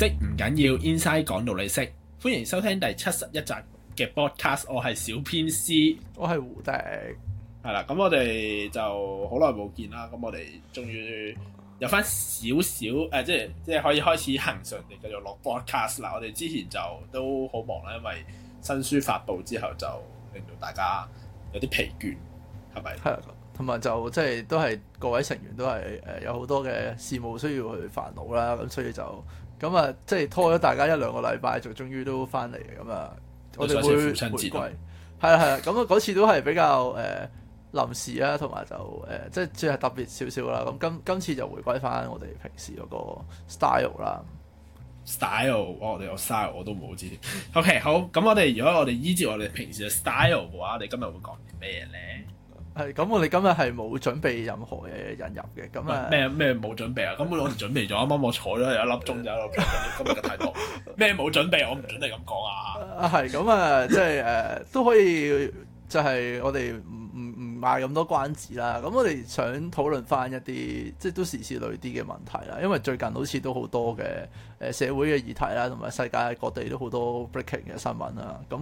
即唔緊要，Inscie 講到你識。歡迎收聽第七十一集嘅 podcast，我係小編 C，我係胡迪。係啦，咁我哋就好耐冇見啦，咁我哋終於有翻少少誒，即係即係可以開始行上嚟，繼續落 podcast。嗱，我哋之前就都好忙啦，因為新書發布之後就令到大家有啲疲倦，係咪？係，同埋就即係都係各位成員都係誒、呃、有好多嘅事務需要去煩惱啦，咁所以就。咁啊，即係拖咗大家一兩個禮拜，就終於都翻嚟咁啊！我哋會回歸，係啊，係啊。咁啊，嗰次都係比較誒臨時啊，同埋就誒，即係即係特別少少啦。咁今今次就回歸翻我哋平時嗰個 style 啦。style，我、哦、哋有 style 我都冇知。O、okay, K，好，咁我哋如果我哋依照我哋平時嘅 style 嘅話，我哋今日會講啲咩咧？係咁，我哋今日係冇準備任何嘅引入嘅，咁啊咩咩冇準備啊？咁我哋準備咗，啱啱 我坐咗有一粒鐘，就喺度。今日嘅態度，咩冇準備？我唔准你咁講啊！啊，係咁啊，即係誒、啊，都可以，就係、是、我哋。賣咁多關子啦，咁我哋想討論翻一啲，即係都時事類啲嘅問題啦。因為最近好似都好多嘅誒、呃、社會嘅議題啦，同埋世界各地都好多 breaking 嘅新聞啦。咁誒、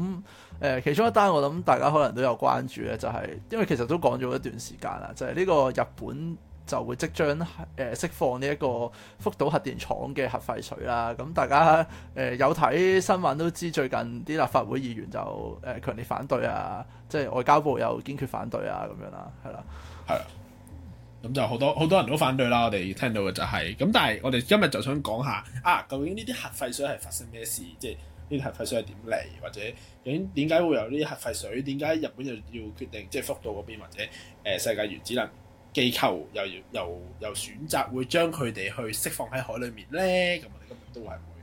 呃、其中一單我諗大家可能都有關注嘅、就是，就係因為其實都講咗一段時間啦，就係、是、呢個日本，就會即將誒、呃、釋放呢一個福島核電廠嘅核廢水啦。咁、嗯、大家誒、呃、有睇新聞都知，最近啲立法會議員就誒、呃、強烈反對啊，即係外交部又堅決反對啊，咁樣啦，係啦，係啦。咁就好多好多人都反對啦。我哋聽到嘅就係、是、咁，但係我哋今日就想講下啊，究竟呢啲核廢水係發生咩事？即係呢啲核廢水係點嚟，或者究竟點解會有呢啲核廢水？點解日本又要決定即係福島嗰邊或者誒、呃、世界原子能。地球又又又選擇會將佢哋去釋放喺海裡面咧，咁我哋今日都係會。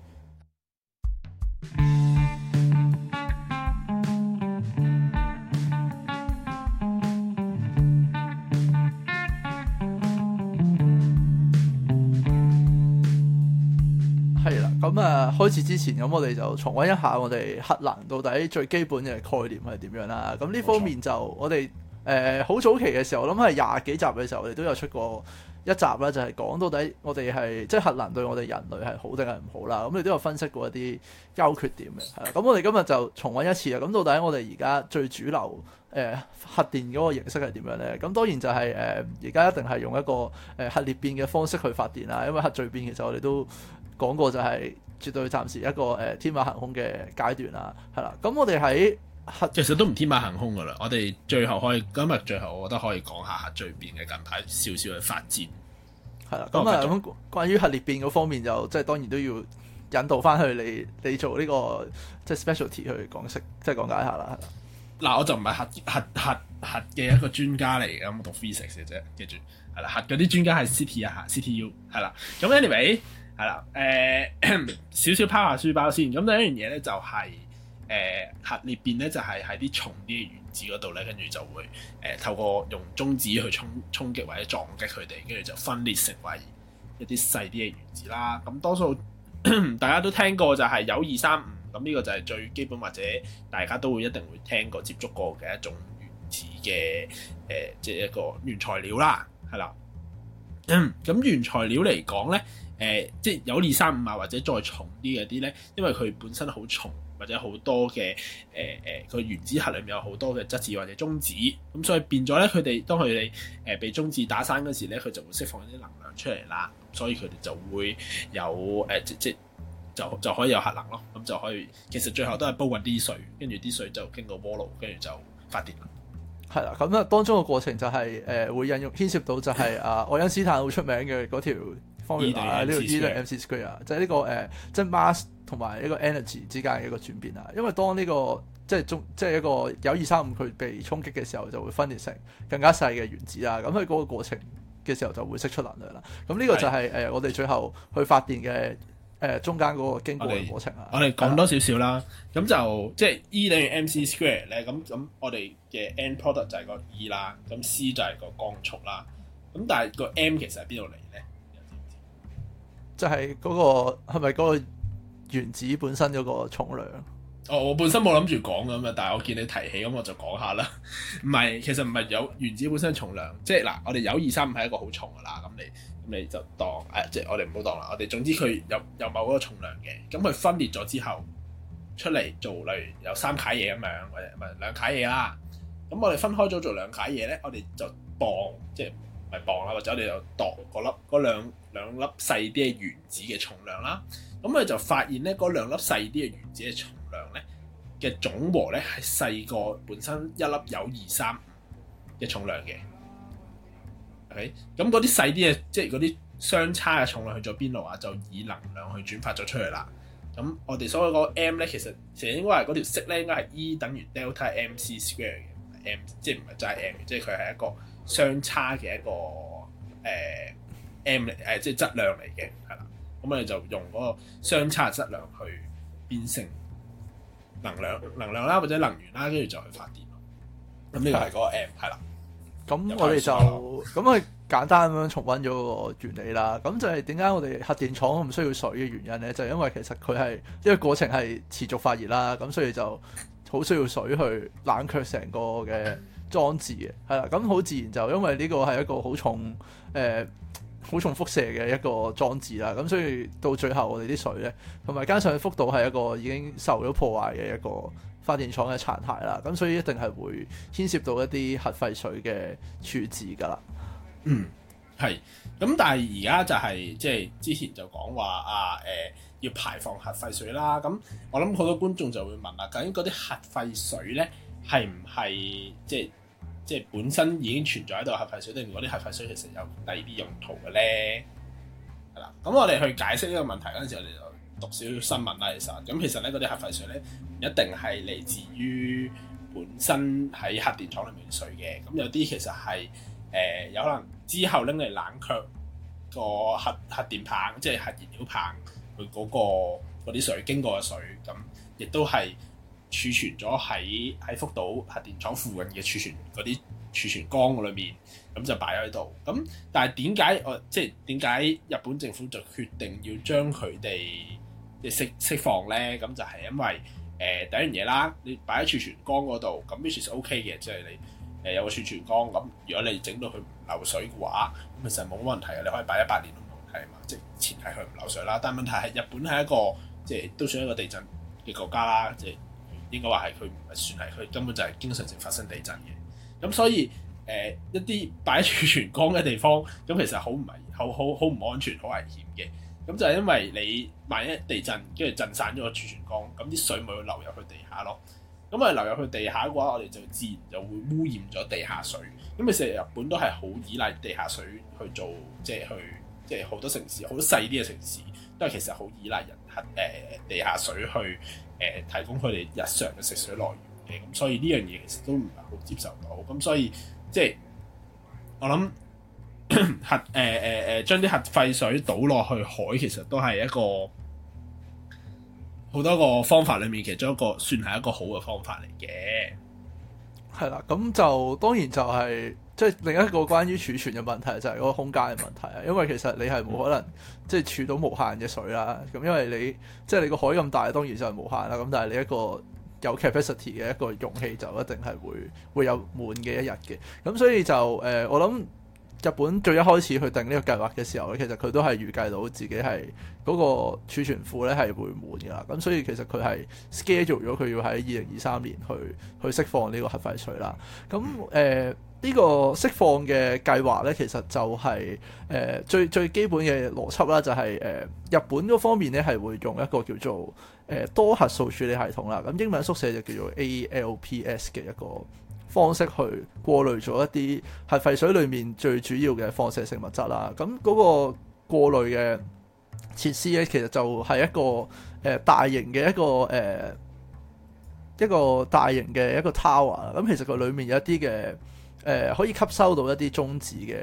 係啦，咁、 嗯、 啊，開始之前，咁我哋就重溫一下我哋核能到底最基本嘅概念係點樣啦。咁呢方面就錯我哋。誒好、uh, 早期嘅時候，我諗係廿幾集嘅時候，我哋都有出過一集啦，就係、是、講到底我哋係即係核能對我哋人類係好定係唔好啦。咁你都有分析過一啲優缺點嘅。係啦。咁我哋今日就重温一次啊。咁到底我哋而家最主流誒、uh, 核電嗰個形式係點樣咧？咁當然就係誒而家一定係用一個誒核裂變嘅方式去發電啦。因為核聚變其實我哋都講過，就係絕對暫時一個誒、uh, 天馬行空嘅階段啦。係啦，咁我哋喺其實都唔天馬行空噶啦，我哋最後可以今日最後，我覺得可以講下核聚變嘅近排少少嘅發展。係啦，咁啊，關於核裂變嗰方面就即係當然都要引導翻去你你做呢個即係 specialty 去講釋，即係講解下啦。嗱，我就唔係核核核核嘅一個專家嚟嘅，我讀 physics 嘅啫，記住係啦。核嗰啲專家係 CT 啊 CTU 係啦。咁 anyway 係啦，誒少少拋下書包先。咁第一樣嘢咧就係。誒核裂變咧，就係喺啲重啲嘅原子嗰度咧，跟住就會誒、呃、透過用中子去衝衝擊或者撞擊佢哋，跟住就分裂成為一啲細啲嘅原子啦。咁、嗯、多數大家都聽過就係鈾二三五咁呢個就係最基本或者大家都會一定會聽過接觸過嘅一種原子嘅誒，即係一個原材料啦，係啦。咁、嗯嗯嗯、原材料嚟講咧，誒、呃、即係鈾二三五啊，或者再重啲嗰啲咧，因為佢本身好重。或者好多嘅誒誒個原子核裏面有好多嘅質子或者中子，咁所以變咗咧，佢哋當佢哋誒被中子打散嗰時咧，佢就會釋放一啲能量出嚟啦。所以佢哋就會有誒、呃、即即就就可以有核能咯。咁就可以其實最後都係煲滾啲水，跟住啲水就經過鍋爐，跟住就發電。係啦，咁啊當中個過程就係、是、誒、呃、會引用牽涉到就係啊愛 因斯坦好出名嘅嗰條。方源啊，呢條 E 等於 m c square，就係呢個誒、e 這個呃，即係 mass 同埋一個 energy 之間一個轉變啦。因為當呢、這個即係中即係一個鈾二三五，佢被衝擊嘅時候就會分裂成更加細嘅原子啊。咁喺嗰個過程嘅時候就會釋出能量啦。咁呢個就係、是、誒的、呃、我哋最後去發電嘅誒、呃、中間嗰個經過嘅過程啊。我哋講多少少啦，咁的就即係 E 等於 m c square 咧。咁咁我哋嘅 end product 就係個 E 啦，咁 c 就係個光速啦。咁但係個 m 其實喺邊度嚟咧？就係嗰個係咪嗰個原子本身嗰個重量？哦，我本身冇諗住講噶嘛，但係我見你提起咁，我就講下啦。唔 係，其實唔係有原子本身重量，即係嗱，我哋有二三五係一個好重噶啦。咁你咁你就當誒，即、哎、係、即係、我哋唔好當啦。我哋總之佢有有某個重量嘅，咁佢分裂咗之後出嚟做，例如有三塊嘢咁樣，或者唔係兩塊嘢啦。咁我哋分開咗做兩塊嘢咧，我哋就當即係。即係磅啦，或者我哋就度嗰粒嗰兩兩粒細啲嘅原子嘅重量啦，咁我哋就發現咧，嗰兩粒細啲嘅原子嘅重量咧嘅總和咧係細過本身一粒有二三嘅重量嘅，係咁嗰啲細啲嘅，即係嗰啲相差嘅重量去咗邊度啊？就以能量去轉化咗出嚟啦。咁我哋所謂嗰 m 咧，其實成應該係嗰條式咧，色應該係 e 等於 delta m c square 嘅 m，即係唔係齋 m，即係佢係一個。相差嘅一個誒、呃、M 誒即係質量嚟嘅，係啦，咁我哋就用嗰個相差質量去變成能量，能量啦或者能源啦，跟住就去發電。咁呢個係嗰個 M，係啦，嗯。咁了我哋就咁去 簡單咁樣重溫咗個原理啦。咁就係點解我哋核電廠唔需要水嘅原因咧？就係，因為其實佢係因為過程係持續發熱啦，咁所以就好需要水去冷卻成個嘅。裝置嘅係啦，咁好自然就因為呢個係一個好重誒好、呃、重輻射嘅一個裝置啦，咁所以到最後我哋啲水呢，同埋加上福島係一個已經受咗破壞嘅一個發電廠嘅殘骸啦，咁所以一定係會牽涉到一啲核廢水嘅處置噶啦。嗯，係，咁但係而家就係即係之前就講話啊誒、呃，要排放核廢水啦，咁我諗好多觀眾就會問啦，究竟嗰啲核廢水呢，係唔係即係？即係即係本身已經存在喺度核廢水，定嗰啲核廢水其實有低啲用途嘅咧，係啦。咁我哋去解釋呢個問題嗰陣時，我哋就讀少少新聞啦。其實咁，其實咧嗰啲核廢水咧，唔一定係嚟自於本身喺核電廠裏面水嘅。咁有啲其實係誒，有可能之後拎嚟冷卻個核核電棒，即係核燃料棒佢嗰、嗰個嗰啲水經過嘅水，咁亦都係。儲存咗喺喺福島核電廠附近嘅儲存嗰啲儲存缸嗰裏面，咁就擺喺度。咁但係點解我即係點解日本政府就決定要將佢哋、就是、釋釋放咧？咁就係因為誒、呃、第一樣嘢啦，你擺喺儲存缸嗰度，咁 which is OK 嘅，即、就、係、是、你誒、呃、有個儲存缸。咁如果你整到佢唔漏水嘅話，咁其實冇問題嘅，你可以擺一百年都冇問題啊嘛。即係前提佢唔漏水啦。但係問題係日本係一個即係、就是、都算一個地震嘅國家啦，即、就、係、是。應該話係佢唔係算係佢根本就係經常性發生地震嘅，咁所以誒、呃、一啲擺儲存缸嘅地方，咁其實好唔係好好好唔安全、好危險嘅。咁就係因為你萬一地震，跟住震散咗個儲存缸，咁啲水咪會流入去地下咯。咁啊流入去地下嘅話，我哋就自然就會污染咗地下水。咁其實日本都係好依賴地下水去做，即係去即係好多城市、好多細啲嘅城市。都係其實好依賴人核誒、呃、地下水去誒、呃、提供佢哋日常嘅食水來源嘅，咁、呃、所以呢樣嘢其實都唔係好接受到。咁、呃、所以即係我諗 核誒誒誒將啲核廢水倒落去海，其實都係一個好多個方法裡面其中一個算係一個好嘅方法嚟嘅。係啦，咁就當然就係、是。即係另一個關於儲存嘅問題就係嗰個空間嘅問題，因為其實你係冇可能、嗯、即係儲到無限嘅水啦。咁因為你即係你個海咁大，當然就係無限啦。咁但係你一個有 capacity 嘅一個容器就一定係會會有滿嘅一日嘅。咁所以就誒、呃，我諗。日本最一開始去定呢個計劃嘅時候咧，其實佢都係預計到自己係嗰個儲存庫咧係會滿噶啦，咁所以其實佢係 schedule 咗佢要喺二零二三年去去釋放呢個核廢水啦。咁誒呢個釋放嘅計劃咧，其實就係、是、誒、呃、最最基本嘅邏輯啦、就是，就係誒日本嗰方面咧係會用一個叫做誒、呃、多核素處理系統啦，咁英文縮寫就叫做 ALPS 嘅一個。方式去過濾咗一啲係廢水裏面最主要嘅放射性物質啦。咁嗰個過濾嘅設施咧，其實就係一個誒、呃、大型嘅一個誒、呃、一個大型嘅一個 tower。咁其實，佢裏面有一啲嘅誒可以吸收到一啲中子嘅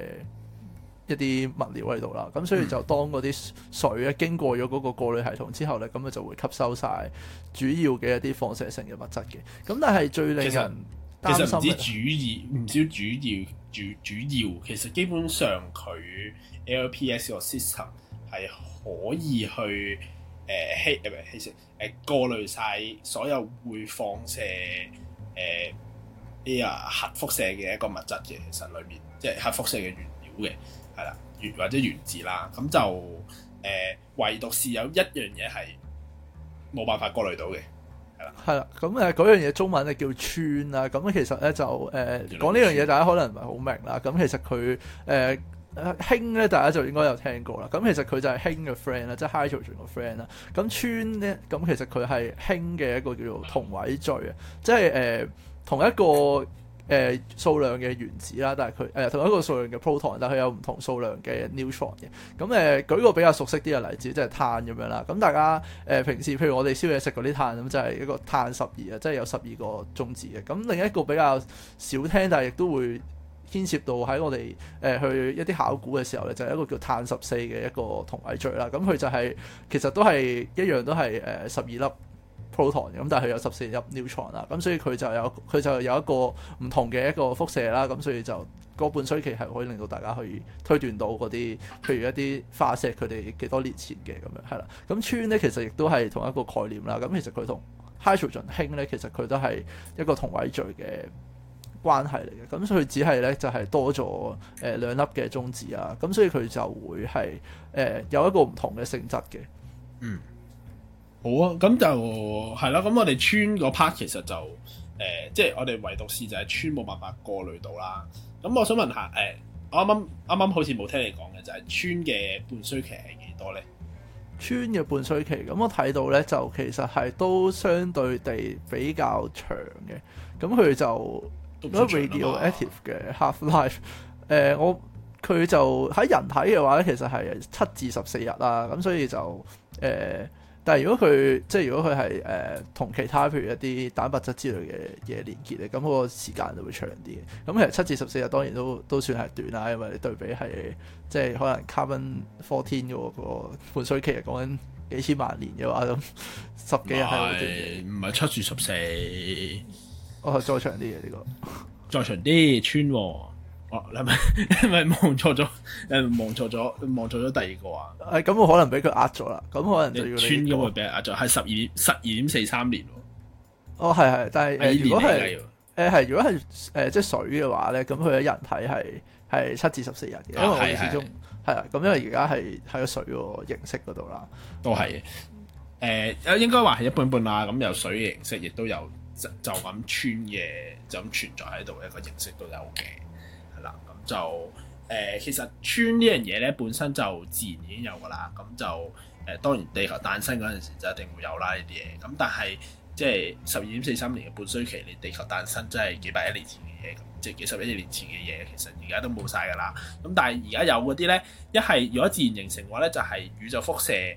一啲物料喺度啦。咁所以就當嗰啲水咧經過咗嗰個過濾系統之後咧，咁佢就會吸收晒主要嘅一啲放射性嘅物質嘅。咁但係最令人其實唔止，止主要主，唔止主要，主主要，其實基本上佢 LPS 個 system 係可以去誒吸，唔係吸收誒過濾曬所有會放射誒啲啊核輻射嘅一個物質嘅，其實裏面即係、就是、核輻射嘅原料嘅，係啦，原或者原子啦，咁、嗯、就誒、呃、唯獨是有一樣嘢係冇辦法過濾到嘅。係啦，咁誒嗰樣嘢中文咧叫氚啦、嗯，咁其實咧就誒、呃、講呢樣嘢，大家可能唔係好明啦。咁、嗯、其實佢誒、呃、氫咧，大家就應該有聽過啦。咁、嗯、其實佢就係氫嘅 friend 啦、嗯，即係 hydrogen 嘅 friend 啦。咁、嗯、氚咧，咁其實佢係氫嘅一個叫做同位素啊，即係誒、呃、同一個。誒、呃、數量嘅原子啦，但係佢誒同一個數量嘅 proton，但佢有唔同數量嘅 neutron 嘅。咁誒、呃、舉個比較熟悉啲嘅例子，即、就、係、是、碳咁樣啦。咁大家誒、呃、平時譬如我哋宵夜食嗰啲碳咁，就係一個碳十二啊，即係有十二個中子嘅。咁另一個比較少聽，但係亦都會牽涉到喺我哋誒、呃、去一啲考古嘅時候咧，就係、是、一個叫碳十四嘅一個同位素啦。咁佢就係、是、其實都係一樣都，都係誒十二粒。普咁但係佢有十四粒尿床啦，咁所以佢就有佢就有一個唔同嘅一個輻射啦，咁所以就個半衰期係可以令到大家可以推斷到嗰啲，譬如一啲化石佢哋幾多年前嘅咁樣，係啦，咁氚咧其實亦都係同一個概念啦，咁其實佢同 Hydrogen 氫咧其實佢都係一個同位素嘅關係嚟嘅，咁所以只係咧就係多咗誒兩粒嘅中子啊，咁所以佢就會係誒有一個唔同嘅性質嘅，嗯。好啊，咁就係啦。咁、啊、我哋氚個 part 其實就誒、呃，即係我哋唯獨是就係氚冇辦法過濾到啦。咁我想問下，誒、欸，啱啱啱啱好似冇聽你講嘅，就係、是、氚嘅半衰期係幾多咧？氚嘅半衰期，咁我睇到咧就其實係都相對地比較長嘅。咁佢就，radioactive 嘅 half life，誒，我佢就喺人體嘅話咧，其實係七至十四日啊。咁所以就誒。呃但係如果佢即係如果佢係誒同其他譬如一啲蛋白質之類嘅嘢連結咧，咁嗰個時間就會長啲。咁其實七至十四日當然都都算係短啦，因為對比係即係可能 carbon fourteen 嘅，那個半衰期，講緊幾千萬年嘅話咁 十幾日係唔係七至十四？哦，再長啲嘅呢個，再長啲穿。哦，你係咪望錯咗，誒，望錯咗，望錯咗第二個啊！係咁、啊，我可能俾佢壓咗啦，咁可能就、這個、你穿咁去俾人壓咗，係十二十二點四三年、啊。哦，係係，但係、呃、如果係誒係，如果係誒、呃呃，即係水嘅話咧，咁佢嘅人體係係七至十四日嘅，因為、啊、是是始終係啦，咁是因為而家係喺個水形式嗰度啦，都係誒、呃，應該話係一般般啦。咁由水嘅形式，亦都有就就咁穿嘅，就咁存在喺度一個形式都有嘅。就誒、呃，其實氚呢樣嘢咧，本身就自然已經有噶啦。咁就誒、呃，當然地球誕生嗰陣時就一定會有啦呢啲嘢。咁但係即係十二點四三年嘅半衰期，你地球誕生即係幾百億年前嘅嘢，即係幾十億年前嘅嘢，其實而家都冇晒噶啦。咁但係而家有嗰啲咧，一係如果自然形成嘅話咧，就係、是、宇宙輻射誒誒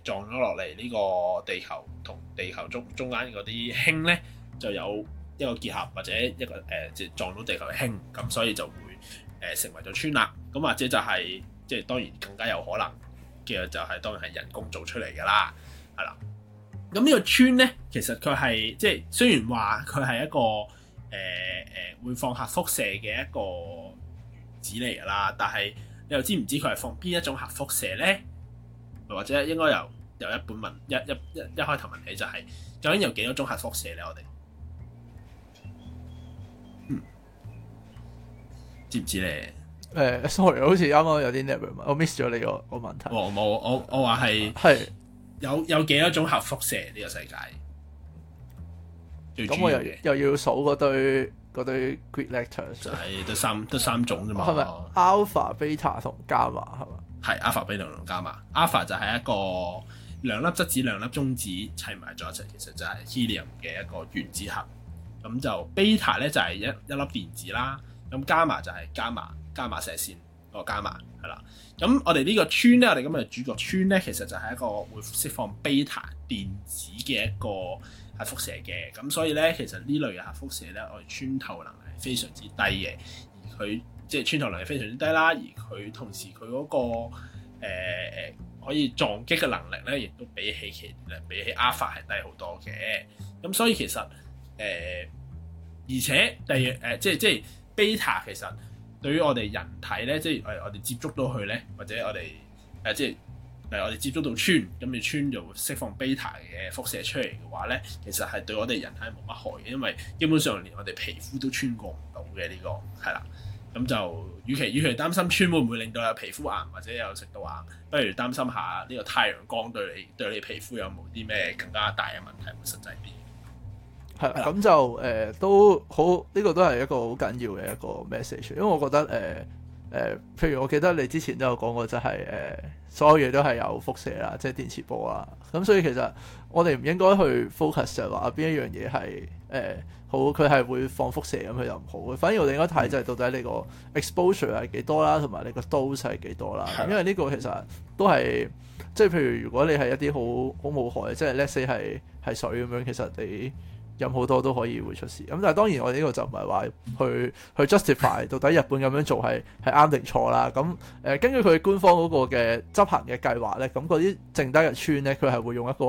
誒撞咗落嚟呢個地球同地球中中間嗰啲氫咧就有。一個結合或者一個誒，即、呃、撞到地球氫，咁所以就會誒、呃、成為咗氚啦。咁或者就係、是、即係當然更加有可能，其實就係、是、當然係人工做出嚟嘅啦，係啦。咁呢個氚咧，其實佢係即係雖然話佢係一個誒誒、呃呃、會放核輻射嘅一個原子嚟啦，但係你又知唔知佢係放邊一種核輻射咧？或者應該由由一本問一一一開頭問起、就是，就係究竟有幾多種核輻射咧？我哋知唔知咧？誒、uh，sorry，好似啱啱有啲 level，我 miss 咗你個個問題。我冇，我我話係係有有幾多種核輻射呢、這個世界？咁我又又要數嗰堆嗰堆 Greek letters 就係得三得三種啫嘛。係咪、哦？Alpha Beta，同伽馬、Alpha, Beta 同伽馬係嘛？係 Alpha、Beta 同伽馬。Alpha 就係一個兩粒質子、兩粒中子砌埋咗一齊，其實就係 Helium 嘅一個原子核。咁就 Beta 咧，就係、是、一一粒電子啦。咁伽馬就係伽馬伽馬射線個伽馬係啦。咁我哋呢個氚咧，我哋今日主角氚咧，其實就係一個會釋放 beta 電子嘅一個核輻射嘅。咁所以咧，其實類呢類嘅核輻射咧，我哋穿透能力非常之低嘅。而佢即係穿透能力非常之低啦。而佢同時佢嗰、那個誒、呃、可以撞擊嘅能力咧，亦都比起其咧比起 alpha 係低好多嘅。咁所以其實誒、呃，而且第二、呃、即係即係。即 beta 其實對於我哋人體咧，即係我我哋接觸到佢咧，或者我哋誒、啊、即係誒我哋接觸到穿咁你穿就會釋放 beta 嘅輻射出嚟嘅話咧，其實係對我哋人體係冇乜害嘅，因為基本上連我哋皮膚都穿過唔到嘅呢個係啦。咁就與其與其擔心穿會唔會令到有皮膚癌或者有食道癌，不如擔心下呢個太陽光對你對你皮膚有冇啲咩更加大嘅問題會實際啲。係咁就誒、呃、都好呢、呢個都係一個好緊要嘅一個 message。因為我覺得誒誒、呃呃，譬如我記得你之前都有講過、就是，就係誒所有嘢都係有輻射啦，即係電磁波啦。咁所以其實我哋唔應該去 focus 喺話邊一樣嘢係誒好佢係會放輻射咁，佢又唔好嘅。反而我哋應該睇就係到底你個 exposure 係幾多啦，同埋你個 dose 係幾多啦。因為呢個其實都係即係譬如如果你係一啲好好無害，即係 let's say 係係水咁樣，其實你，飲好多都可以會出事咁，但係當然我哋呢個就唔係話去、嗯、去 justify 到底日本咁樣做係係啱定錯啦。咁誒、呃、根據佢官方嗰個嘅執行嘅計劃咧，咁嗰啲剩低嘅村咧，佢係會用一個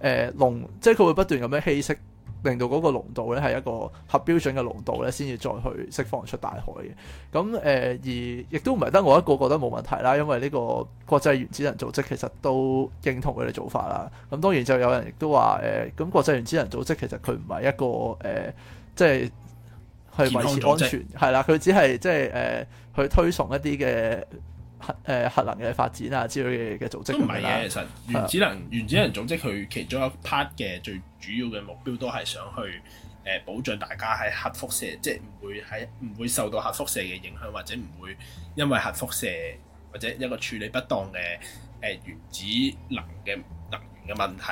誒龍、呃，即係佢會不斷咁樣稀釋。令到嗰個濃度咧係一個合標準嘅濃度咧，先至再去釋放出大海嘅。咁誒而亦都唔係得我一個覺得冇問題啦，因為呢個國際原子能組織其實都認同佢哋做法啦。咁當然就有人亦都話誒，咁、呃、國際原子能組織其實佢唔係一個誒、呃，即係去維持安全係啦，佢只係即係誒、呃、去推崇一啲嘅核誒核能嘅發展啊之類嘅嘅組織都唔係嘅，其實原子能的原子能組織佢其中一 part 嘅最主要嘅目標都係想去誒保障大家喺核輻射，即係唔會喺唔會受到核輻射嘅影響，或者唔會因為核輻射或者一個處理不當嘅誒原子能嘅能源嘅問題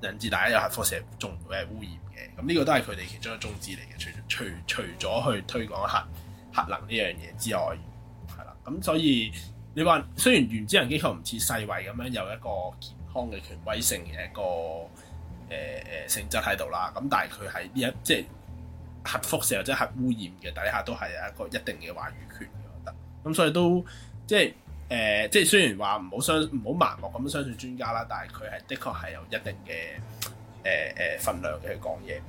而引致大家有核輻射中嘅污染嘅。咁呢個都係佢哋其中一個宗旨嚟嘅，除除除咗去推廣核核能呢樣嘢之外。咁、嗯、所以你話雖然原子能機構唔似世衛咁樣有一個健康嘅權威性嘅一個誒誒、呃、性質喺度啦，咁但係佢喺呢一即係核輻射或者核污染嘅底下，都係有一個一定嘅話語權嘅，我覺得。咁、嗯、所以都即係誒，即係、呃、雖然話唔好相唔好盲目咁相信專家啦，但係佢係的確係有一定嘅誒誒份量嘅去講嘢。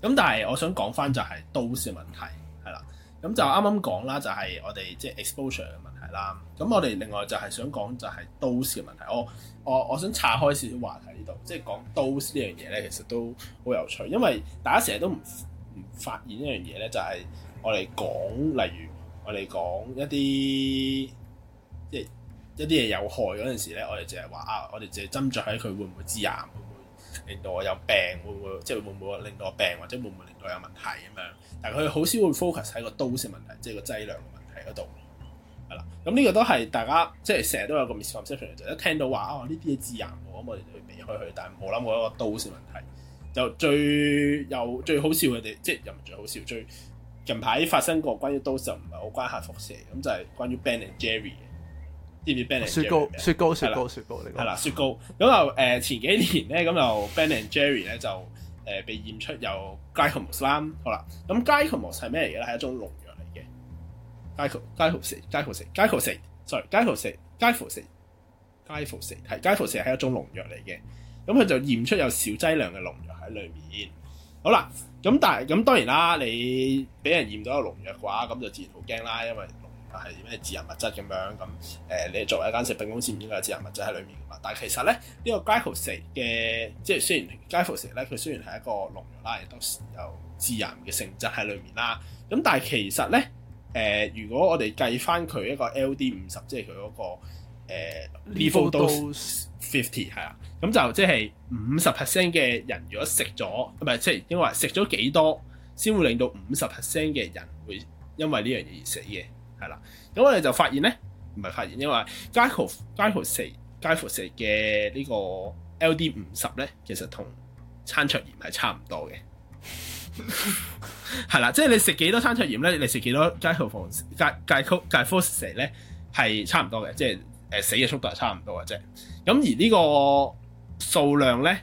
咁但係我想講翻就係都係問題，係啦。咁就啱啱講啦，就係我哋即係 exposure 嘅問題啦。咁我哋另外就係想講就係 dose 嘅問題。我我我想岔開少少話題、就是、呢度，即係講 dose 呢樣嘢咧，其實都好有趣，因為大家成日都唔唔發現一樣嘢咧，就係、是、我哋講例如我哋講一啲即係一啲嘢有害嗰陣時咧，我哋淨係話啊，我哋淨係斟酌喺佢會唔會致癌。令到我有病會唔會，即係會唔會令到我病，或者會唔會令到我有問題咁樣？但係佢好少會 focus 喺個 dose 問題，即係個劑量嘅問題嗰度，係啦。咁呢個都係大家即係成日都有個 misconception 就一聽到話啊呢啲嘢致癌，咁我哋就避開佢，但係冇諗過一個 dose 問題。就最又最好笑嘅哋即係又唔最好笑，最，最近排發生過關於 dose 唔係好關核輻射，咁就係關於 Ben and Jerry。雪糕雪糕雪糕雪糕雪糕雪糕雪糕。咁就，前幾年呢，咁就 Ben and Jerry 呢，就被驗出有 Giacomo 酸。好喇，咁 Giacomo 酸係咩嚟嘅？係一種農藥嚟嘅。Giacomo 酸。Giacomo 酸。Giacomo 酸。Giacomo 酸。Giacomo 酸。係一種農藥嚟嘅。咁佢就驗出有少劑量嘅農藥喺裏面。好喇，咁當然啦，你畀人驗到有農藥嘅話，噉就自然好驚啦，因為。係咩自然物質咁樣咁？誒、呃，你作為一間食品公司，唔應該有自然物質喺裡面噶嘛？但係其實咧，呢、呢個 Glyphosate 嘅即係雖然 Glyphosate 咧，佢雖然係一個農藥啦，亦都時有自然嘅性質喺裡面啦。咁但係其實咧，誒、呃，如果我哋計翻佢一個 L.D. 五十、那個呃，即係佢嗰個 lethal dose fifty 係啦，咁就即係五十 percent 嘅人，如果食咗唔係即係因為食咗幾多先會令到五十 percent 嘅人會因為呢樣嘢而死嘅。係啦，咁我哋就發現咧，唔係發現，因為 Glyphosate Glyphosate 嘅呢個 LD 五十咧，其實同餐桌鹽係差唔多嘅。係啦， 即係你食幾多餐桌鹽咧？你食幾多 Glyphosate Glyphosate 咧？係差唔多嘅，即係誒死嘅速度係差唔多嘅啫。咁而個數呢個數量咧，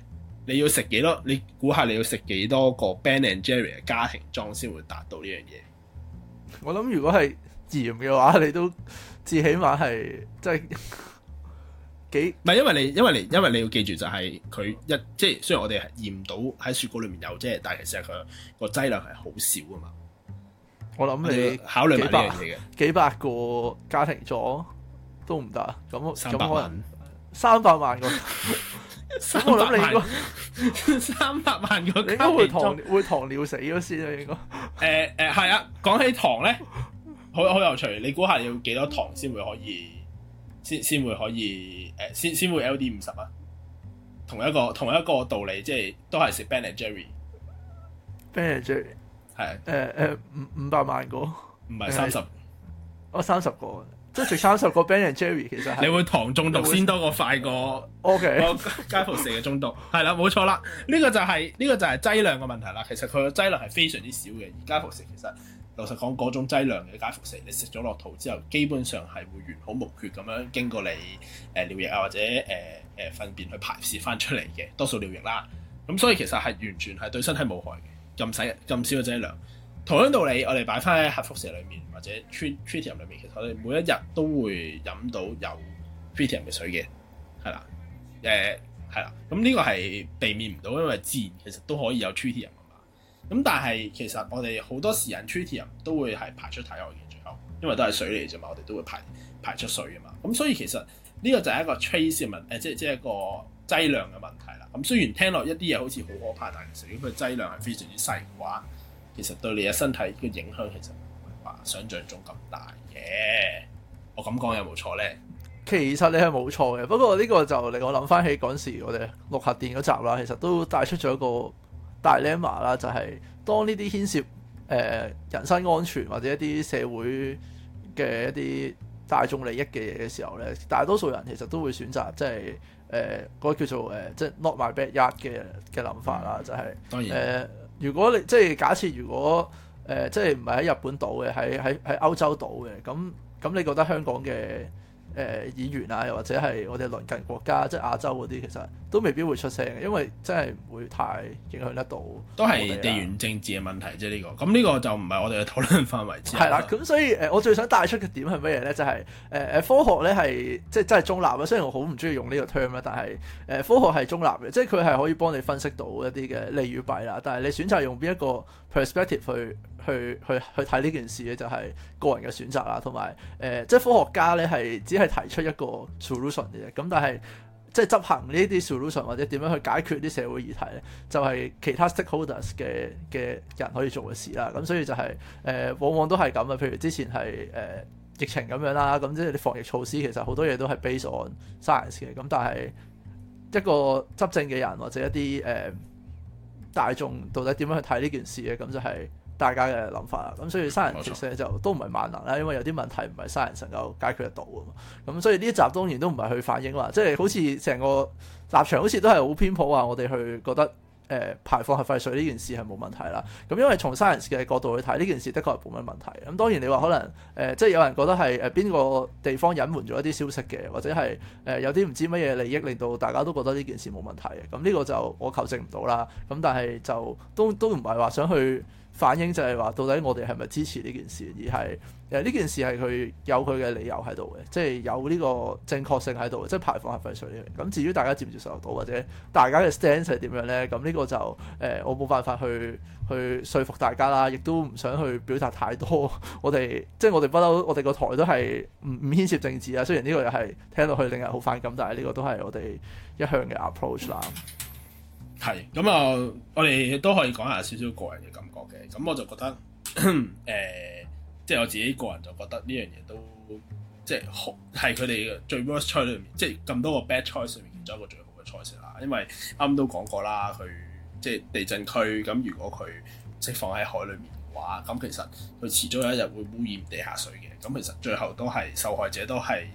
你要食幾多？你估下你要食幾多個 Ben and Jerry 嘅家庭裝先會達到呢樣嘢？我諗如果係。鹽嘅話，你都至起碼係即係幾唔係？因為你因為你因為你要記住就係佢一即係雖然我哋驗到喺雪糕裏面有即係，但係其實佢個劑量係好少啊嘛。我諗你，你考慮埋呢樣嘢嘅，幾百個家庭咗都唔得啊！咁咁萬可能三百萬個，咁我諗你個三百萬個應該會糖會糖尿死咗先啊！應該誒誒，係啊，講起糖咧。好，好有趣。你估下要幾多糖先會可以，先先會可以，誒、欸，先先會 LD 五十啊？同一個同一個道理，即係都係食 Ben and Jerry。Ben and Jerry 係誒誒五五百萬個，唔係三十，哦，三十個， 即係食三十個 Ben and Jerry 其實你會糖中毒先多過快過。O K，加伏食嘅中毒係啦，冇錯啦。呢、這個就係、是、呢、這個就係劑量嘅問題啦。其實佢嘅劑量係非常之少嘅。而加伏食其實。老實講，嗰種劑量嘅解輻射，你食咗落肚之後，基本上係會完好無缺咁樣經過你誒、呃、尿液啊或者誒誒糞便去排泄翻出嚟嘅，多數尿液啦。咁所以其實係完全係對身體冇害嘅，又唔使咁少嘅劑量。同樣道理，我哋擺翻喺核輻射裏面或者 tritium 裏面，其實我哋每一日都會飲到有 tritium 嘅水嘅，係啦，誒係啦。咁呢個係避免唔到，因為自然其實都可以有 tritium。咁、嗯、但係其實我哋好多時間 tritium 都會係排出體外嘅，最後因為都係水嚟啫嘛，我哋都會排排出水噶嘛。咁、嗯、所以其實呢個就係一個 trace 問題，誒、呃、即係即係一個劑量嘅問題啦。咁、嗯、雖然聽落一啲嘢，好似好可怕，但係其實如果劑量係非常之細嘅話，其實對你嘅身體嘅影響其實唔係話想象中咁大嘅。Yeah, 我咁講有冇錯咧？其實你係冇錯嘅，不過呢個就令我諗翻起嗰陣時我哋六核電嗰集啦，其實都帶出咗一個。大 lemma 啦，就係當呢啲牽涉誒、呃、人身安全或者一啲社會嘅一啲大眾利益嘅嘢嘅時候咧，大多數人其實都會選擇即係誒嗰個叫做誒、呃、即係 not my backyard 嘅嘅諗法啦，就係、當然、誒、嗯呃、如果你即係假設如果誒、呃、即係唔係喺日本倒嘅，喺喺喺歐洲倒嘅，咁咁你覺得香港嘅？誒、呃、演員啊，又或者係我哋鄰近國家，即係亞洲嗰啲，其實都未必會出聲，因為真係唔會太影響得到。都係地緣政治嘅問題啫，呢、呢個咁呢個就唔係我哋嘅討論範圍之內。係啦，咁所以誒、呃，我最想帶出嘅點係乜嘢咧？就係誒誒科學咧係即係真係中立啊！雖然我好唔中意用呢個 term 啦，但係誒科學係中立嘅，即係佢係可以幫你分析到一啲嘅利與弊啦。但係你選擇用邊一個 perspective 去去去去睇呢件事嘅，就係、係、個人嘅選擇啦，同埋誒即係科學家咧係只係。提出一個 solution 嘅，啫，咁但係即係執行呢啲 solution 或者點樣去解決啲社會議題咧，就係、是、其他 stakeholders 嘅嘅人可以做嘅事啦。咁、嗯、所以就係、是、誒、呃、往往都係咁啊。譬如之前係誒、呃、疫情咁樣啦，咁即係啲防疫措施，其實好多嘢都係 based on science 嘅。咁、嗯、但係一個執政嘅人或者一啲誒、呃、大眾到底點樣去睇呢件事嘅，咁、嗯、就係、是。大家嘅諗法啊，咁所以三人決勝就都唔係萬能啦，因為有啲問題唔係三人能夠解決得到啊。咁所以呢一集當然都唔係去反映話，即係好似成個立場好似都係好偏頗話，我哋去覺得誒、呃、排放核廢水呢件事係冇問題啦。咁因為從三人嘅角度去睇，呢件事的確係冇乜問題。咁當然你話可能誒、呃，即係有人覺得係誒邊個地方隱瞞咗一啲消息嘅，或者係誒有啲唔知乜嘢利益令到大家都覺得呢件事冇問題嘅。咁呢個就我求證唔到啦。咁但係就都都唔係話想去。反映就係話，到底我哋係咪支持呢件事，而係誒呢件事係佢有佢嘅理由喺度嘅，即係有呢個正確性喺度嘅，即係排放核廢水呢樣嘢。咁至於大家接唔接受到，或者大家嘅 stance 係點樣咧？咁呢個就誒、呃，我冇辦法去去說服大家啦，亦都唔想去表達太多。我哋即係我哋不嬲，我哋個台都係唔唔牽涉政治啊。雖然呢個又係聽落去令人好反感，但係呢個都係我哋一向嘅 approach 啦。係咁啊！我哋都可以講下少少個人嘅感覺嘅。咁我就覺得，誒、 呃，即係我自己個人就覺得呢樣嘢都即係好係佢哋嘅最 worst choice 裏面，即係咁多個 bad choice 裏面揀咗一個最好嘅 choice 啦。因為啱都講過啦，佢即係地震區咁，如果佢釋放喺海裡面嘅話，咁其實佢遲早有一日會污染地下水嘅。咁其實最後都係受害者都係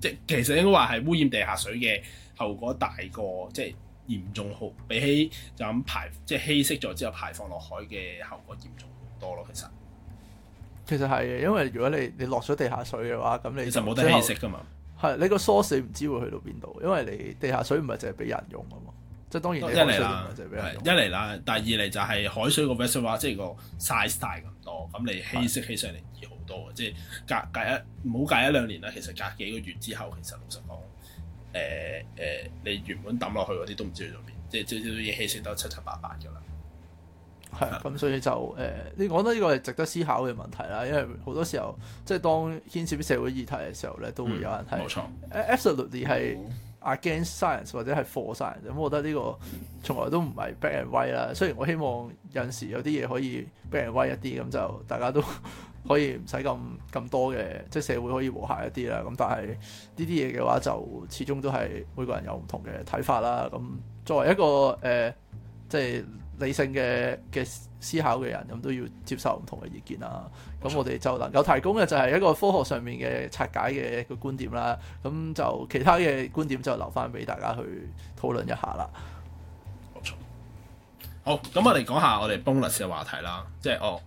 即係其實應該話係污染地下水嘅後果大過即係。嚴重好，比起就咁排，即係稀釋咗之後排放落海嘅效果嚴重好多咯，其實其實係，因為如果你你落咗地下水嘅話，咁你就冇得稀釋噶嘛。係你個疏死唔知會去到邊度，因為你地下水唔係淨係俾人用啊嘛，即係當然一嚟啦，就係一嚟啦，第二嚟就係海水個 v e 話，即係個 size 大咁多，咁你稀釋起上嚟易好多啊！即係隔隔一唔好隔，隔一兩,兩年啦，其實隔幾個月之後，其實老實講。誒誒、呃呃，你原本抌落去嗰啲都唔知去咗邊，即係少少嘢犧牲得七七八八噶啦。係啊的，咁所以就誒、呃，你講得呢個係值得思考嘅問題啦。因為好多時候，即係當牽涉啲社會議題嘅時候咧，都會有人睇。冇錯、嗯、，Absolutely 係 against science 或者係 for science。咁我覺得呢個從來都唔係逼人威啦。雖然我希望有陣時有啲嘢可以逼人威一啲，咁就大家都。 可以唔使咁咁多嘅，即係社會可以和諧一啲啦。咁但係呢啲嘢嘅話，就始終都係每個人有唔同嘅睇法啦。咁作為一個誒，即、呃、係、就是、理性嘅嘅思考嘅人，咁都要接受唔同嘅意見啦。咁我哋就能夠提供嘅就係一個科學上面嘅拆解嘅一個觀點啦。咁就其他嘅觀點就留返俾大家去討論一下啦。好，咁我哋講下我哋 bonus 嘅話題啦，即係我。Oh.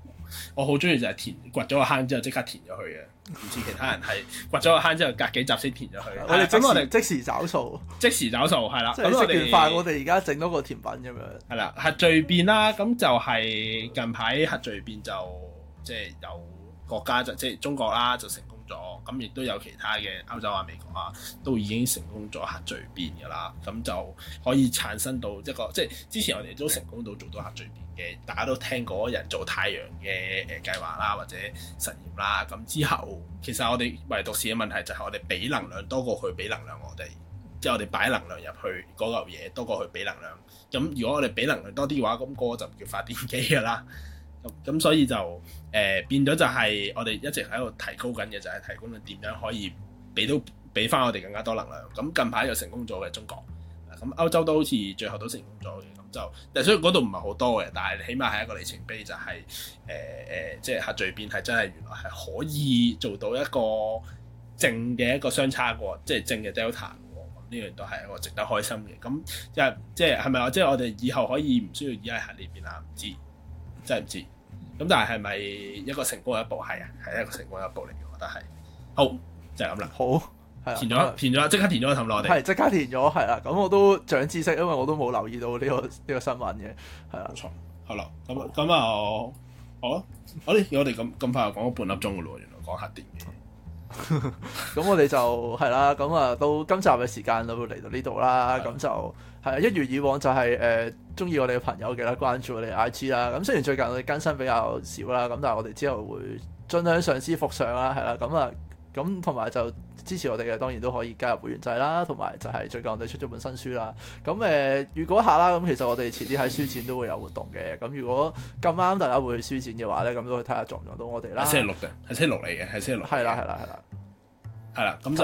我好中意就係填掘咗個坑之後即刻填咗佢嘅，唔似其他人係掘咗個坑之後隔幾集先填咗佢。我哋即我哋即時找數， 即時找數係啦。咁食完飯我哋而家整多個甜品咁樣。係啦，核聚變啦，咁就係近排核聚變就即係、就係、有國家就即、係、係中國啦就成。咁亦都有其他嘅歐洲啊、美國啊，都已經成功咗核聚變嘅啦。咁就可以產生到一個，即係之前我哋都成功到做到核聚變嘅，大家都聽過人造太陽嘅誒計劃啦，或者實驗啦。咁之後其實我哋唯獨試嘅問題就係我哋俾能量多過佢俾能量我哋，即係我哋擺能量入去嗰嚿嘢多過佢俾能量。咁如果我哋俾能量多啲嘅話，咁、那、嗰、個、個就唔叫發電機嘅啦。咁所以就誒、呃、變咗就係我哋一直喺度提高緊嘅就係提供你點樣可以俾到俾翻我哋更加多能量。咁近排又成功咗嘅中國，咁歐洲都好似最後都成功咗嘅。咁就但誒，所以嗰度唔係好多嘅，但係起碼係一個里程碑，就係呃呃，就係誒誒，即係核聚變係真係原來係可以做到一個正嘅一個相差過，即、就、係、是、正嘅 Delta。呢樣都係一個值得開心嘅。咁即係即係係咪話即係我哋以後可以唔需要依賴核裂變啦？唔知。真係唔知，咁但係係咪一個成功嘅一步？係啊，係一個成功嘅一步嚟嘅，我覺得係。好，就係咁啦。好，填咗，填咗，即刻填咗，氹落嚟。係，即刻填咗，係啦。咁我都長知識，因為我都冇留意到呢個呢個新聞嘅。係啊，冇錯。好啦，咁咁啊，我我，好，我哋咁咁快又講咗半粒鐘嘅咯，原來講下啲嘢。咁 我哋就係啦，咁啊，到今集嘅時間就會嚟到呢度啦。咁的就係一如以往、就係，就係誒。中意我哋嘅朋友記得關注我哋 I G 啦。咁雖然最近我哋更新比較少啦，咁但係我哋之後會盡量嘗試覆上啦，係啦。咁啊，咁同埋就支持我哋嘅，當然都可以加入會員制啦。同埋就係最近我哋出咗本新書啦。咁誒預告下啦，咁其實我哋遲啲喺書展都會有活動嘅。咁如果咁啱大家會書展嘅話咧，咁都去睇下，撞唔撞到我哋啦？星期六定係星期六嚟嘅，係星期六。係啦，係啦，係啦。係啦，咁就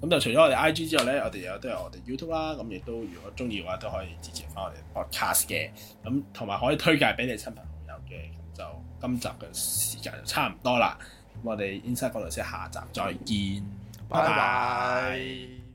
咁就除咗我哋 IG 之外咧，我哋有都有我哋 YouTube 啦，咁亦都如果中意嘅話都可以支持翻我哋 Podcast 嘅，咁同埋可以推介俾你親朋好友嘅，咁、嗯、就今集嘅時間就差唔多啦，我哋 Inscie 講到先，下集再見，拜拜。